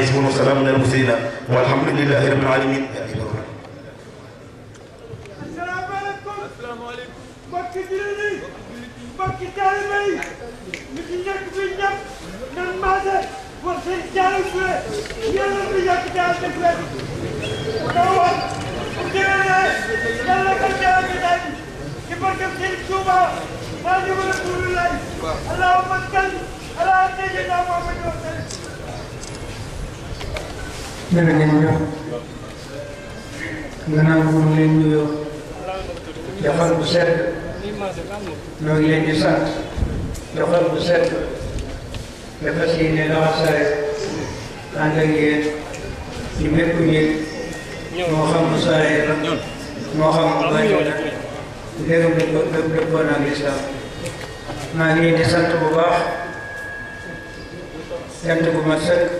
حزبنا وسلام من المسلمين والحمد لله رب العالمين Thank you. dana leen ñëw nga nangul leen nuyoo defal bu set ñoo ngi leen di bu set dafa si ne laxasare ànd ak yéen ci bépp nit moo xam bu saree la moo bu bari la dégg nga ko dëppoon ak lislaam maa ngi leen bu baax sant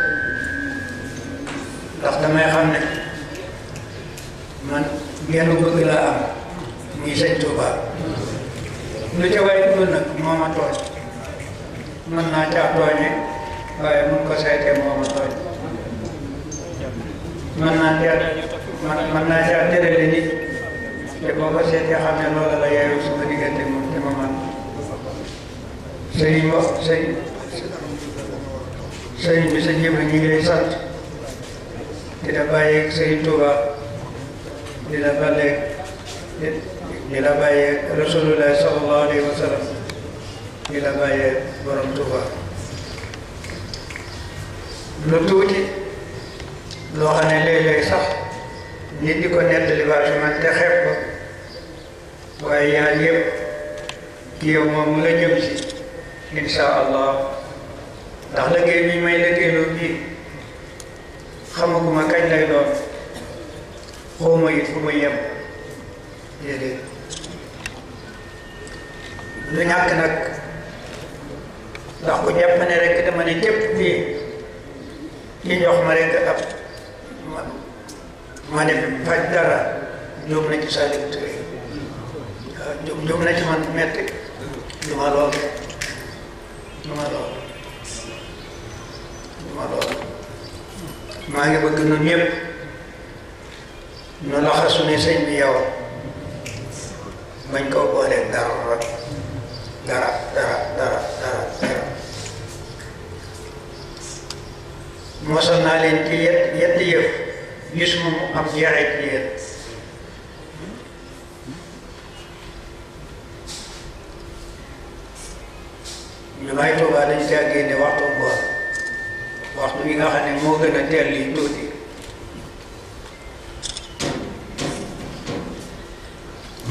ndax damay xam ne man genn bëgg laa am muy sëñ Touba lu ca waay dugal nag moo ma tooñ mën naa caa tooñe waaye mun ko saytee moo ma tooñ mën naa caa mën naa caa tërale nit te boo ko seetee xam ne loola la yaayu sama diggante moom te ma man sëñ wax sëñ sëñ bi sa jëb ñu ngi lay sant di la bàyyeeg Sëriñ Tuuba di la bàyyeeg di la bàyyeeg Rasulullah sallallahu alayhi wa sallam di la bàyyeeg borom Tuuba lu tuuti loo xam ne léeg-léeg sax nit di ko nettali ba ci man te xeeb ko waaye yaar yëpp yow allah ndax la ngeen may liggéey lu bii xamaguma kañ lay doon xawma it fu muy yem déedéet lu ñàkk nag ndax ku jàpp ne rek dama ne képp bii ci jox ma rek ab ma ne faj dara jóom na ci Saliou Touré na ci man metti ma lool du ma lool du ma lool maa ngi bëgg ñun ñëpp ñu loxo suñu sëñ bi yow bañ koo boole dara dara dara dara dara dara mosal naa leen ci yet yetti yëf gis mu am jeexee ci yéen ñu may tuubaa dañ caa génne waxtu ngoon waxtu yi nga xam ne moo gën a teel lii tuuti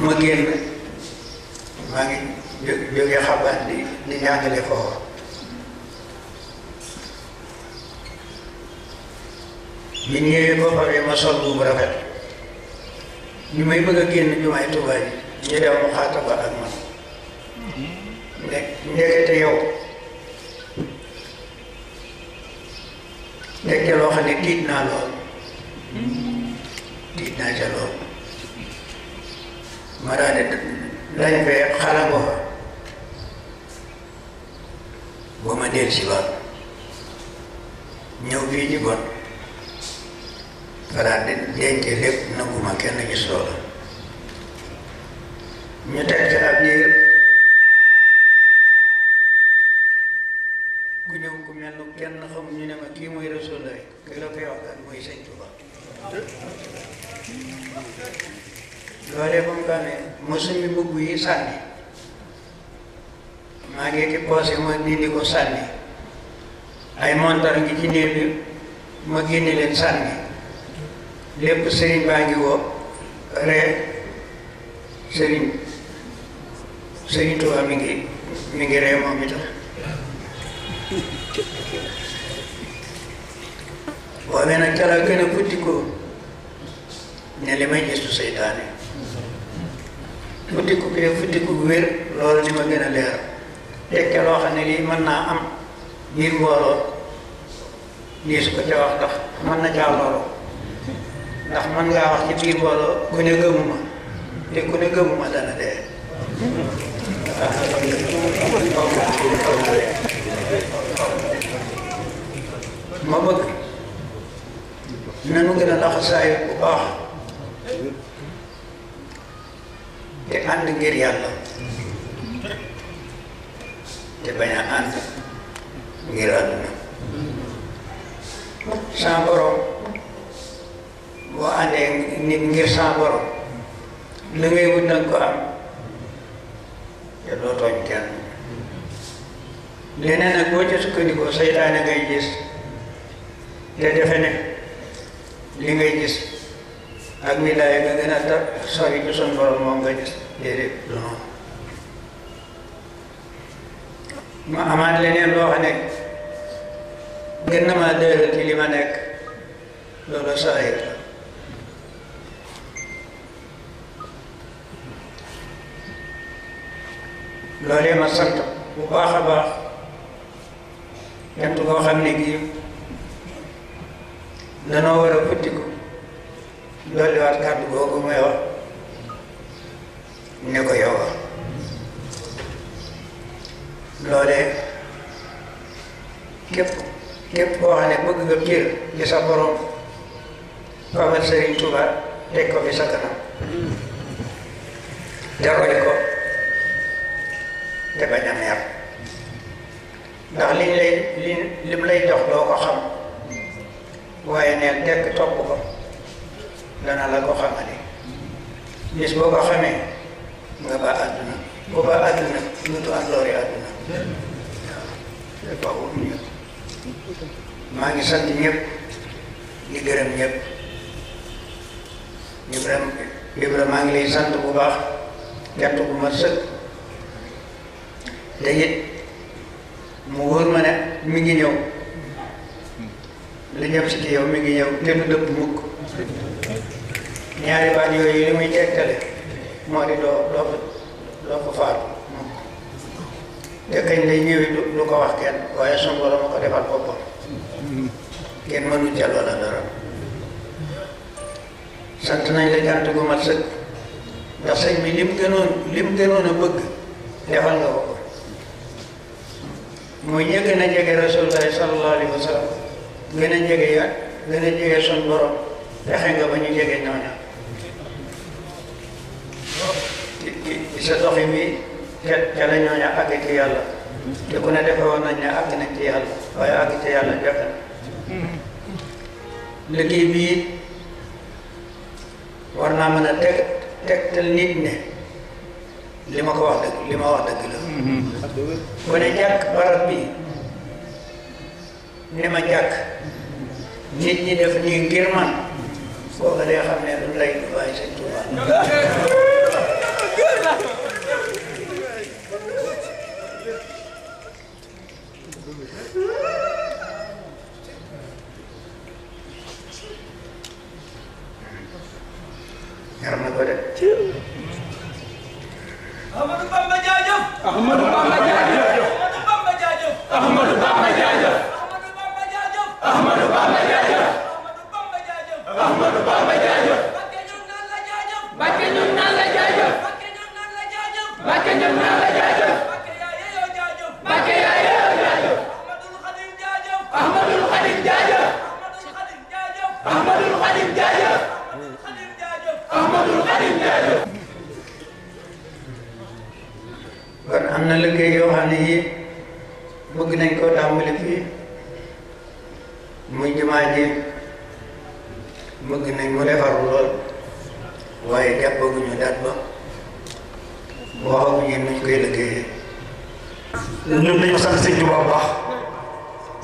ma génn maa ngi jó jóge xabaar di di jàngale foofu bi ñëwee boo paree ma sol bu rafet ñu may bëgg a génn jumaay Tuubaa yi ñu dew mu xaata ba ak man ne ndekete yow nekk ca loo xam tiit naa lool tiit naa ca ma daal di fee xala ko fa ma del si waat ñëw fii ci bon faraat di denc lépp nangu ma kenn gis loola ñu teg ca ab sali, maange kikosi mwingine ko sali, ay montar ngi ci néeg bi ma génne leen sànni lépp serigne baa ngi woo re serigne sëriñ Tuubaa mi ngi mi ngi ree moom itam boobee nag ca la gën a ne may gëstu seytaane futtiku gi futtiku gu wér loolu li ma gën a leer tekke loo xam ne lii mën naa am biir mbooloo lii ko ca wax mën na caa ndax mën ngaa wax ci biir mbooloo ku gëmuma te ku gëmuma dana dee ma bëgg nanu gën a laxasaayu bu baax te ànd ngir yàlla te bañ a ànd ngir àdduna sa borom boo àndee nit ngir sa borom la ngay wut ko am te doo tooñ kenn leneen nag boo ci sukkandikoo seytaane ngay gis te defe ne li ngay gis आदमी लाएगा देना तब सारी किस्म परमांग डेरे أمان لني الله هنك قلنا ما دير تيلي منك لولا ساير لولا ما سنت وباخ باخ كنت باخ مني لنا ولا فتكم dolliwaat kàddu googu may wax ne ko yow ah, loolee képp képp koo xam ne bëgg nga cër ci sa borom amal Sëriñ Tuuba teg ko fi sa kanam jaroy ko te bañ a mer ndax liñ lay li lim lay jox doo ko xam waaye neen tekk topp ko dana la ko xamale bis boo ko xamee nga ba àdduna boo ba àdduna mutu andoori àdduna waaw lépp ñëpp maa ngi sant ñëpp di gërëm ñëpp Ibrahima Ibrahima maa ngi lay sant bu baax gàtt bu ma sëkk te it mu wóor ma ne mi ngi ñëw li ñëpp si ci yow mi ngi ñëw te du ñaari baat yooyu li muy tegtale moo di doo doo doo ko faatu te kañ lay ñëwi du ko wax kenn waaye sun borom defal boppam kenn mënu ca loola dara sant nañ la jant gu mat sëkk ndax sëñ bi lim gënoon lim gënoon a bëgg defal nga ko muy ñi gën a jege rasulullahi sallallahu alayhi wa sallam gën a jege yàgg gën a jege sun borom fexe nga ba ñu jege ñooñu ci sa doxin wi ca ca la ñooñu àgg ci yàlla te ku ne defe woon nañ ne àgg nañ ci yàlla waaye àgg ci yàlla jafe na hmm. liggéey bii war naa mën a teg tegtal nit ne li ma ko wax dëgg li ma wax dëgg la ku ne jàkk barab bi ne ma jàkk nit ñi def nii ngir man kooku day xam ne lu lay waaye sëñ Tuubaa yaram na ko de ci Ahmadou Bamba jaajëf Ahmadou Bamba jaajëf Ahmadou Bamba jaajëf Ahmadou Bamba jaajëf Ahmadou Bamba jaajëf Ahmadou Bamba നൽകുകയോ ആണ് ഈ ബുക്കിനെക്കോ ഡാമിലേക്ക് മുഞ്ചുമാൻ്റെ ബുക്കിനെക്കോ ഹറുകൾ വൈകിട്ട് ബുക്കിനു ഡാറ്റ്ബ വാഹു എന്നുകയിലേക്ക് ñun dañu sant sëñ bi bu baax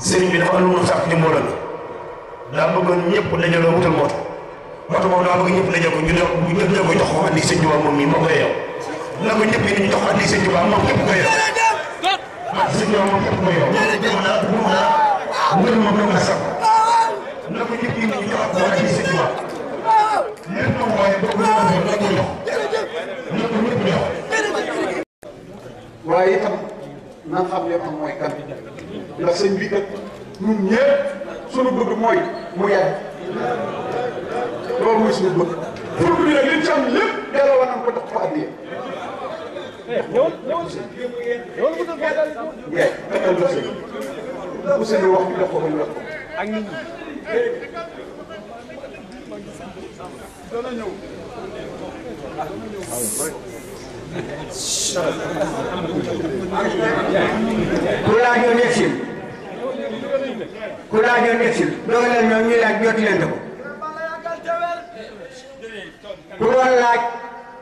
sëriñ bi dafa am lu mu sàkk ni mbooloo mi daa bëggoon ñëpp dajaloo wutal moto moto moom daa bëgg ñëpp dajal ko ñu def ñu def ko jox ko andi sëñ bi moom mii moo koy yow na ko ñëpp yi ñu jox ak sëñ Tuubaa moom képp ko yor ak sëñ Tuubaa moom képp ko yor moom la bu ma la ngir moom dama sax na ko ñëpp yi ñu jox ak moom ak sëñ Tuubaa lépp lu waaye boo ko joxee na ko jox na ko ñëpp jox waaye itam na xam ne moom mooy kan ndax sëñ bi kat ñun ñëpp suñu bëgg mooy mu yàgg loolu mooy suñu bëgg pour bi nag liñ ci am lépp delloo war nañ ko jox ko addiya ñëwal ñëwal si ñëwal bu dul gàddaal yi. yaay taxaw na sëñ bi sëñ bi wax ñu jox ko ba ñu wax ko. ak nit ñi. dana ñëw. ku laaj ñoo nekk si. ku laaj ñoo nekk si. doog leen ñoom ñu laaj ñooti leen ko. ku doon laaj.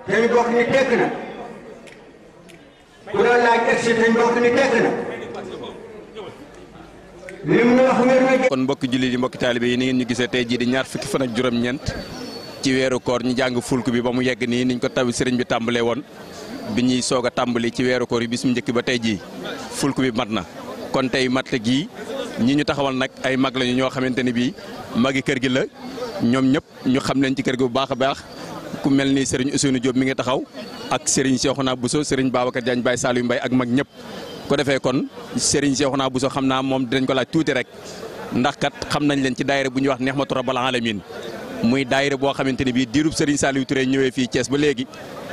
dañu bokk ni tekk na. bu mbokk mi kon mbokki jullit yi mbokki taalibe yi ni ngeen ñu gisee tey jii di ñaar fukki fan ak juróom-ñeent ci weeru koor ñu jàng fulk bi ba mu yegg nii niñ ko tawi sëriñ bi tàmbalee woon bi ñuy soog a tàmbali ci weeru koor yi bis mu njëkk ba tey jii fulk bi mat na kon tey matte gii ñi ñu taxawal nag ay mag lañu ñoo xamante ni bii magi kër gi la ñoom ñëpp ñu xam leen ci kër gi bu baax a baax ku mel ni Serigne Ousseynou Diop mi ngi taxaw ak Serigne Cheikhouna Bousso Serigne Babacar Diagne Baye Saliou Mbaye ak mag ñëpp ko defee kon Serigne Cheikhouna Bousso xam naa moom dinañ ko laaj tuuti rek ndax kat xam nañ leen ci daayira bu ñuy wax neex Nihmatu Rabbil Alamin muy daayira boo xamante ne bii diirub Serigne Saliou Touré ñëwee fii cees ba léegi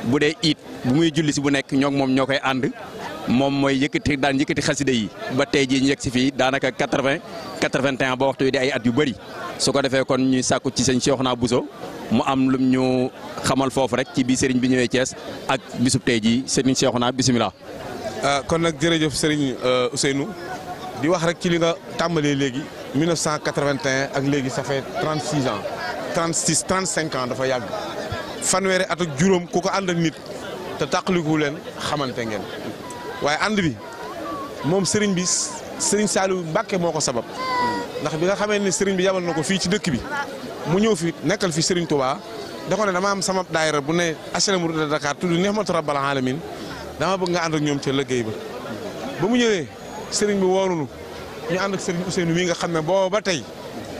bu dee it bu muy julli si bu nekk ñoo moom ñoo koy ànd moom mooy yëkkati daan yëkkati xasida yi ba tey jii ñu yegg si fii daanaka 80 81 ba waxtu yi di ay at yu bëri su ko defee kon ñuy sàkku ci sëñ Cheikhouna Bousso mu am lum ñu xamal foofu rek ci bi sëriñ bi ñëwee cees ak bisub tey jii sëriñ Cheikhouna bisimilah. Euh, kon nag jërëjëf sëriñ euh, Ousseynou di wax rek ci li nga tàmbalee léegi 1981 ak léegi ça fait 36 ans 36 35 ans dafa yàgg fanweer at juróom ku ko ànd ak nit te tàqaliku leen xamante ngeen waaye ànd bi moom sëriñ bi sëriñ Saliou Mbacke moo ko sabab ndax bi nga xamee ne sëriñ bi yabal na ko fii ci dëkk bi. mu ñëw fi nekkal fi Serigne Touba dafa dama am sama daayira bu ne HLM Route de Dakar tudd Nihmatu Rabbil Alamin dama bëgg nga ànd ak ñoom ca liggéey ba ba mu ñëwee Serigne bi woonunu ñu ànd ak Serigne Ousseynou mii nga xam ne booba ba tey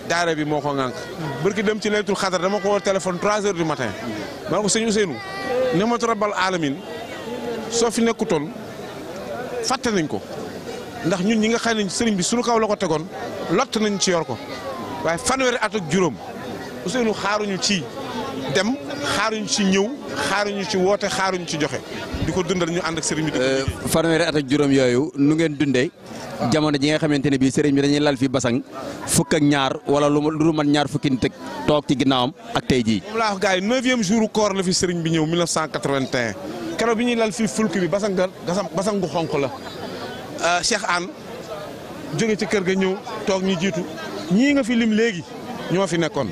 daara bi moo ko ŋànk barki dem ci laytul xadar dama ko woo téléphone 3 heures du matin ma ne ko sëñ Ousseynou Nihmatu Rabbil Alamin soo fi nekkutoon fàtte nañ ko ndax ñun ñi nga xam ne sëriñ bi suñu kaw la ko tegoon lott nañ ci yor ko waaye fanweeri at juróom Ousseynou xaaruñu ci dem xaaruñu ci ñëw xaaruñu ci woote xaaruñu ci joxe di ko dundal ñu ànd ak sëriñ bi. Euh, fanweeri at ak juróom yooyu nu ngeen dundee ah. jamono ji nga xamante ne bii sëriñ bi dañuy lal fi basang fukk ak ñaar wala lu lu man ñaar fukki nit toog ci ginnaawam ak tey jii. moom laa wax gars yi neuvième jour la fi sëriñ bi ñëw 1981 keroog bi ñuy lal fii fulk bi basang basang gu xonq la euh, Cheikh Anne jóge ci kër ga ñëw toog ñu jiitu ñii nga fi lim léegi ñoo fi nekkoon.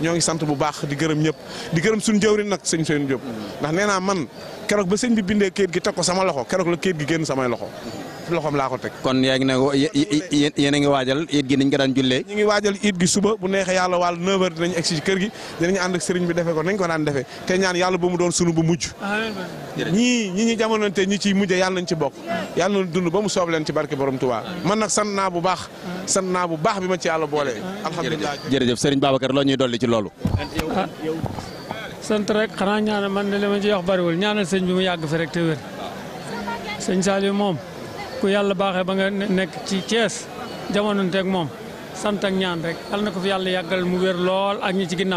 ñoo ngi sant bu baax di gërëm ñëpp di gërëm suñu jëwriñ nag sëñ Seynu Jóob ndax nee naa man keroog ba sëñ bi bindee kayit gi teg ko sama loxo keroog la kayit gi génn samay loxo loxoom laa ko teg kon yaa ngi ne yéen a waajal it gi niñ ko daan jullee ñu ngi waajal gi suba bu neexee yàlla wàll 9 heures dinañ egsi kër gi dinañ ànd ak sëriñ bi defee ko nañ ko daan defee te ñaan yàlla ba mu doon sunu bu mujj ñii ñi ñu jamononte ñi ciy mujj yàlla nañ ci bokk yàlla nañ dund ba mu soob leen ci barke borom Tuubaa man nag sant naa bu baax sant naa bu baax bi ma ci yàlla boole alhamdulilah jërëjëf Serigne Babacar loo ñuy dolli ci loolu ah, sant rek xanaa ñaanal man de li ma ci wax bariwul ñaanal sëñ bi mu yàgg fi rek te wér sëñ Saliou moom ku yàlla baaxee ba nga nekk ci Thiès jamononteeg moom sant ak ñaan rek yal na ko fi yàlla yàggal mu wér lool ak ñi ci ginnaaw